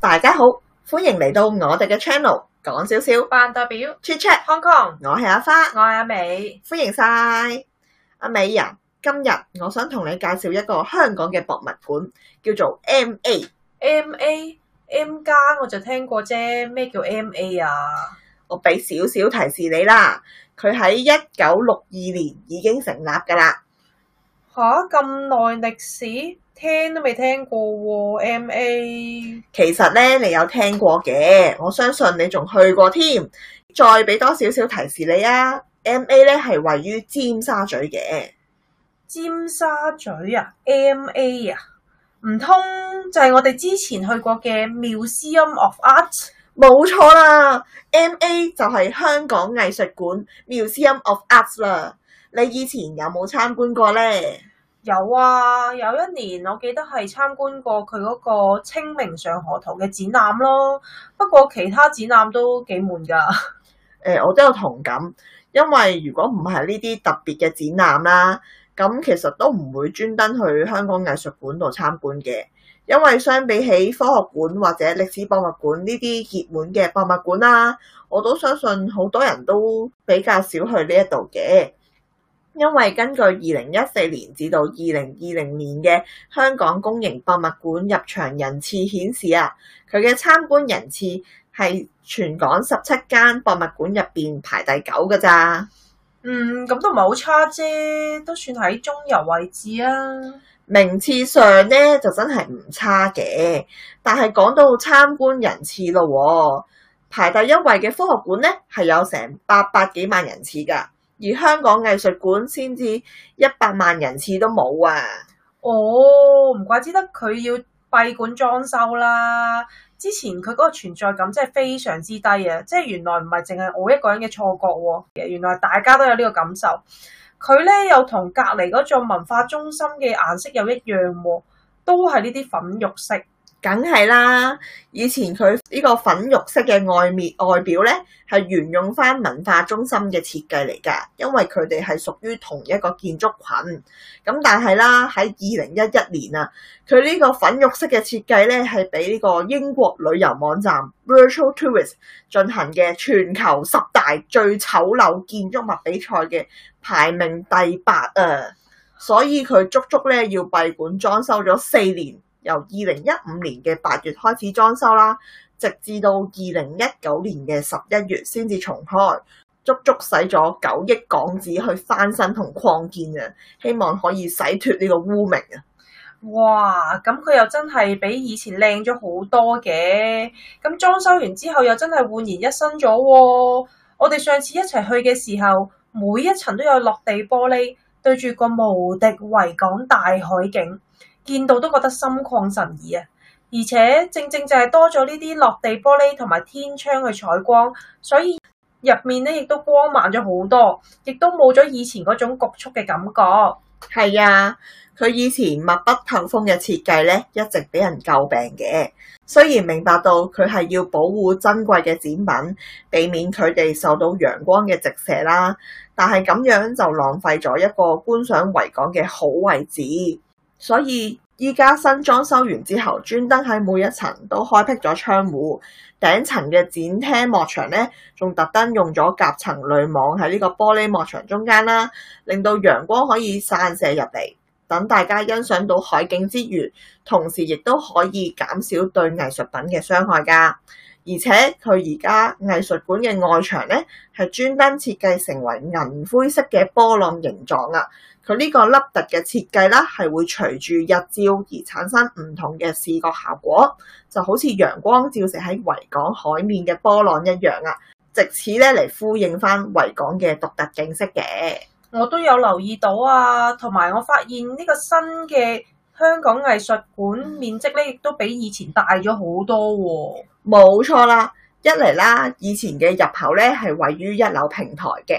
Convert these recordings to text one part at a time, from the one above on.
大家好，歡迎嚟到我哋嘅 channel，講少少，扮代表，Chit Chat it Hong Kong，我係阿花，我係阿美，歡迎晒阿美人、啊。今日我想同你介紹一個香港嘅博物館，叫做 M A M A M 家。我就聽過啫，咩叫 M A 啊？我俾少少提示你啦，佢喺一九六二年已經成立噶啦。吓，咁耐歷史，聽都未聽過喎、啊。M A 其實呢，你有聽過嘅，我相信你仲去過添。再俾多少少提示你啊，M A 呢係位於尖沙咀嘅。尖沙咀啊，M A 啊，唔通就係我哋之前去過嘅 Museum of Art？冇錯啦，MA 就係香港藝術館 Museum of Arts 啦。你以前有冇參觀過呢？有啊，有一年我記得係參觀過佢嗰個清明上河圖嘅展覽咯。不過其他展覽都幾悶噶。誒、 欸，我都有同感，因為如果唔係呢啲特別嘅展覽啦，咁其實都唔會專登去香港藝術館度參觀嘅。因為相比起科學館或者歷史博物館呢啲熱門嘅博物館啦、啊，我都相信好多人都比較少去呢一度嘅。因為根據二零一四年至到二零二零年嘅香港公營博物館入場人次顯示啊，佢嘅參觀人次係全港十七間博物館入邊排第九㗎咋。嗯，咁都唔係好差啫，都算喺中游位置啊。名次上咧就真係唔差嘅，但係講到參觀人次咯，排第一位嘅科學館咧係有成八百幾萬人次噶，而香港藝術館先至一百萬人次都冇啊。哦，唔怪之得佢要閉館裝修啦。之前佢嗰個存在感真係非常之低啊，即係原來唔係淨係我一個人嘅錯覺喎，原來大家都有呢個感受。佢咧又同隔籬嗰座文化中心嘅顏色又一樣喎，都係呢啲粉肉色。梗係啦，以前佢呢個粉肉色嘅外面外表呢，係沿用翻文化中心嘅設計嚟噶，因為佢哋係屬於同一個建築群。咁但係啦，喺二零一一年啊，佢呢個粉肉色嘅設計呢，係俾呢個英國旅遊網站 Virtual Tourist 進行嘅全球十大最醜陋建築物比賽嘅排名第八啊，呃，所以佢足足呢，要閉館裝修咗四年。由二零一五年嘅八月開始裝修啦，直至到二零一九年嘅十一月先至重開，足足使咗九億港紙去翻新同擴建啊！希望可以洗脫呢個污名啊！哇！咁佢又真係比以前靚咗好多嘅，咁裝修完之後又真係煥然一新咗，哦。我哋上次一齊去嘅時候，每一層都有落地玻璃對住個無敵維港大海景。見到都覺得心曠神怡啊！而且正正就係多咗呢啲落地玻璃同埋天窗去採光，所以入面咧亦都光猛咗好多，亦都冇咗以前嗰種局促嘅感覺。係啊，佢以前密不透風嘅設計咧，一直俾人詬病嘅。雖然明白到佢係要保護珍貴嘅展品，避免佢哋受到陽光嘅直射啦，但係咁樣就浪費咗一個觀賞維港嘅好位置。所以依家新裝修完之後，專登喺每一層都開闢咗窗戶。頂層嘅展廳幕牆呢，仲特登用咗夾層濾網喺呢個玻璃幕牆中間啦，令到陽光可以散射入嚟，等大家欣賞到海景之餘，同時亦都可以減少對藝術品嘅傷害㗎。而且佢而家藝術館嘅外牆呢，係專登設計成為銀灰色嘅波浪形狀啊。佢呢個凹凸嘅設計啦，係會隨住日照而產生唔同嘅視覺效果，就好似陽光照射喺維港海面嘅波浪一樣啊！藉此咧嚟呼應翻維港嘅獨特景色嘅。我都有留意到啊，同埋我發現呢個新嘅香港藝術館面積咧，亦都比以前大咗好多喎、啊。冇錯啦，一嚟啦，以前嘅入口咧係位於一樓平台嘅。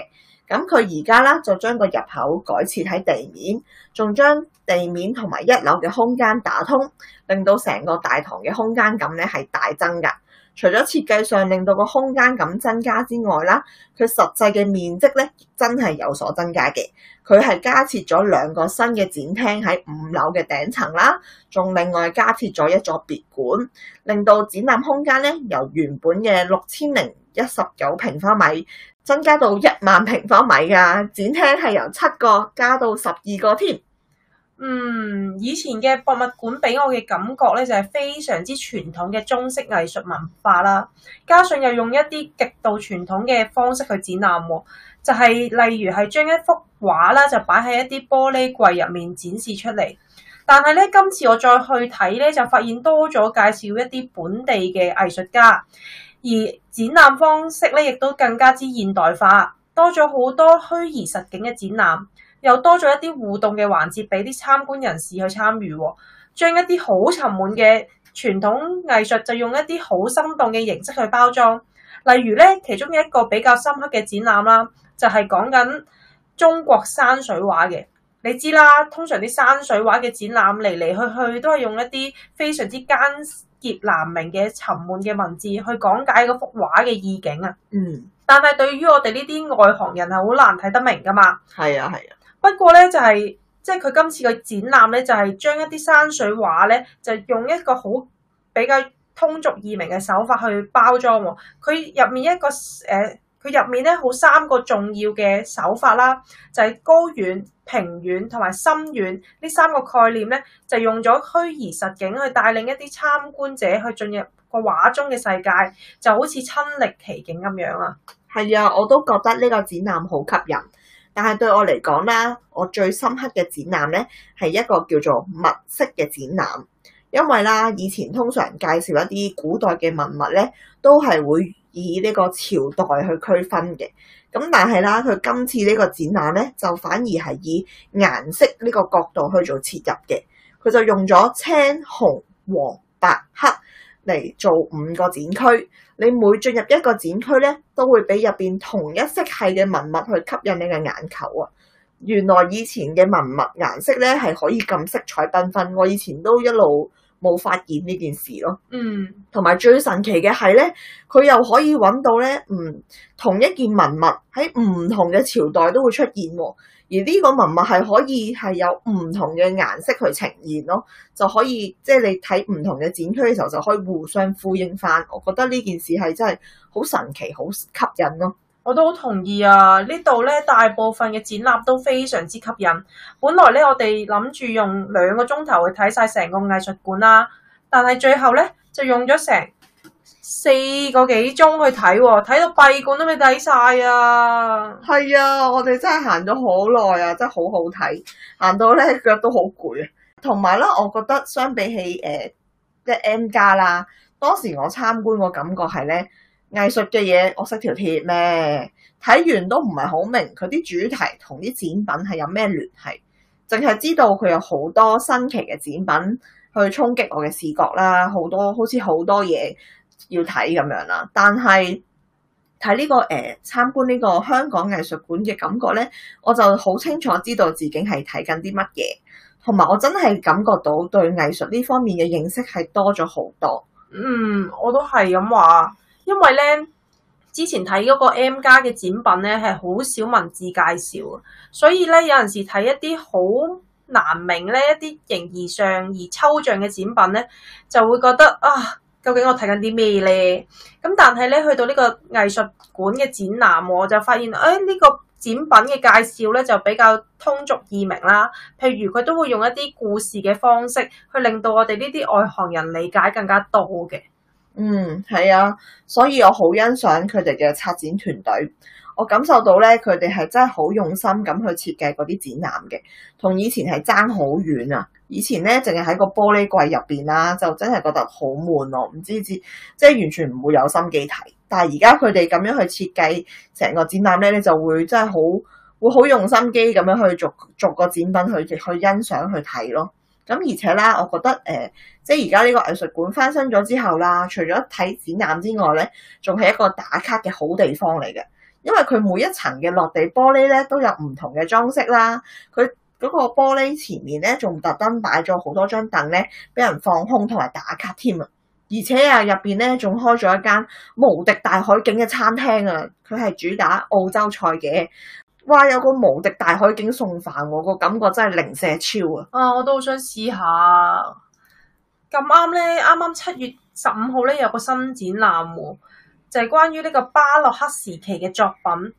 咁佢而家咧就將個入口改設喺地面，仲將地面同埋一樓嘅空間打通，令到成個大堂嘅空間感咧係大增㗎。除咗設計上令到個空間感增加之外啦，佢實際嘅面積咧真係有所增加嘅。佢係加設咗兩個新嘅展廳喺五樓嘅頂層啦，仲另外加設咗一座別館，令到展覽空間咧由原本嘅六千零一十九平方米，增加到一萬平方米㗎，展廳係由七個加到十二個添。嗯，以前嘅博物館俾我嘅感覺咧，就係非常之傳統嘅中式藝術文化啦。加上又用一啲極度傳統嘅方式去展覽，就係例如係將一幅畫啦，就擺喺一啲玻璃櫃入面展示出嚟。但係咧，今次我再去睇咧，就發現多咗介紹一啲本地嘅藝術家。而展覽方式咧，亦都更加之現代化，多咗好多虛擬實景嘅展覽，又多咗一啲互動嘅環節俾啲參觀人士去參與，將一啲好沉悶嘅傳統藝術，就用一啲好生動嘅形式去包裝。例如咧，其中一個比較深刻嘅展覽啦，就係講緊中國山水畫嘅。你知啦，通常啲山水畫嘅展覽嚟嚟去去都係用一啲非常之艱杰難明嘅沉悶嘅文字去講解嗰幅畫嘅意境啊，嗯，但係對於我哋呢啲外行人係好難睇得明㗎嘛，係啊係啊，啊不過咧就係、是，即係佢今次嘅展覽咧就係將一啲山水畫咧就用一個好比較通俗易明嘅手法去包裝喎，佢入面一個誒。呃佢入面咧好三個重要嘅手法啦，就係高遠、平遠同埋深遠呢三個概念咧，就用咗虛擬實境去帶領一啲參觀者去進入個畫中嘅世界，就好似親歷其境咁樣啊！係啊，我都覺得呢個展覽好吸引。但係對我嚟講啦，我最深刻嘅展覽咧係一個叫做物色嘅展覽，因為啦，以前通常介紹一啲古代嘅文物咧，都係會，以呢個朝代去區分嘅，咁但係啦，佢今次呢個展覽呢，就反而係以顏色呢個角度去做切入嘅。佢就用咗青、紅、黃、白、黑嚟做五個展區。你每進入一個展區呢，都會俾入邊同一色系嘅文物去吸引你嘅眼球啊！原來以前嘅文物顏色呢，係可以咁色彩繽紛。我以前都一路～冇發現呢件事咯，嗯，同埋最神奇嘅係咧，佢又可以揾到咧，嗯，同一件文物喺唔同嘅朝代都會出現，而呢個文物係可以係有唔同嘅顏色去呈現咯，就可以即係、就是、你睇唔同嘅展區嘅時候就可以互相呼應返，我覺得呢件事係真係好神奇，好吸引咯。我都好同意啊！呢度咧，大部分嘅展覽都非常之吸引。本來咧，我哋諗住用兩個鐘頭去睇晒成個藝術館啦，但係最後咧就用咗成四個幾鐘去睇喎，睇到閉館都未睇晒啊！係啊，啊，我哋真係行咗好耐啊，真係好好睇，行到咧腳都好攰啊。同埋咧，我覺得相比起即係、呃、M+ 啦，當時我參觀個感覺係咧。藝術嘅嘢，我識條鐵咩？睇完都唔係好明，佢啲主題同啲展品係有咩聯繫？淨係知道佢有好多新奇嘅展品去衝擊我嘅視覺啦，好多好似好多嘢要睇咁樣啦。但係睇呢個誒、呃，參觀呢個香港藝術館嘅感覺咧，我就好清楚知道自己係睇緊啲乜嘢，同埋我真係感覺到對藝術呢方面嘅認識係多咗好多。嗯，我都係咁話。因為咧，之前睇嗰個 M+ 嘅展品咧，係好少文字介紹，所以咧，有陣時睇一啲好難明咧，一啲形而上而抽象嘅展品咧，就會覺得啊，究竟我睇緊啲咩咧？咁但係咧，去到呢個藝術館嘅展覽，我就發現誒呢、哎這個展品嘅介紹咧，就比較通俗易明啦。譬如佢都會用一啲故事嘅方式去令到我哋呢啲外行人理解更加多嘅。嗯，係啊，所以我好欣賞佢哋嘅策展團隊。我感受到咧，佢哋係真係好用心咁去設計嗰啲展覽嘅，同以前係爭好遠啊！以前咧，淨係喺個玻璃櫃入邊啦，就真係覺得好悶咯，唔知知即係完全唔會有心機睇。但係而家佢哋咁樣去設計成個展覽咧，你就會真係好會好用心機咁樣去逐逐個展品去去欣賞去睇咯。咁而且啦，我覺得誒，即係而家呢個藝術館翻新咗之後啦，除咗睇展覽之外咧，仲係一個打卡嘅好地方嚟嘅。因為佢每一層嘅落地玻璃咧都有唔同嘅裝飾啦，佢嗰個玻璃前面咧仲特登擺咗好多張凳咧，俾人放空同埋打卡添啊！而且啊，入邊咧仲開咗一間無敵大海景嘅餐廳啊，佢係主打澳洲菜嘅。哇！有個無敵大海景送飯，個感覺真係零舍超啊！啊，我都好想試下。咁啱呢，啱啱七月十五號呢，有個新展覽喎，就係關於呢個巴洛克時期嘅作品，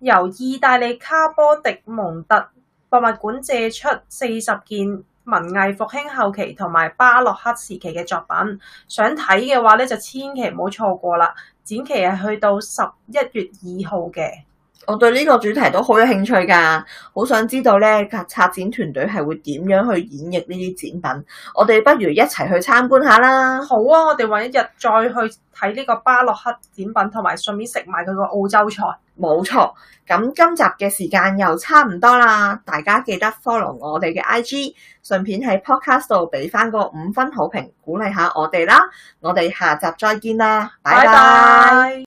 由意大利卡波迪蒙特博物館借出四十件文藝復興後期同埋巴洛克時期嘅作品，想睇嘅話呢，就千祈唔好錯過啦！展期係去到十一月二號嘅。我對呢個主題都好有興趣噶，好想知道咧策展團隊係會點樣去演繹呢啲展品。我哋不如一齊去參觀下啦。好啊，我哋搵一日再去睇呢個巴洛克展品，同埋順便食埋佢個澳洲菜。冇錯，咁今集嘅時間又差唔多啦，大家記得 follow 我哋嘅 I G，順便喺 Podcast 度俾翻個五分好評，鼓勵下我哋啦。我哋下集再見啦，拜拜 bye。Bye bye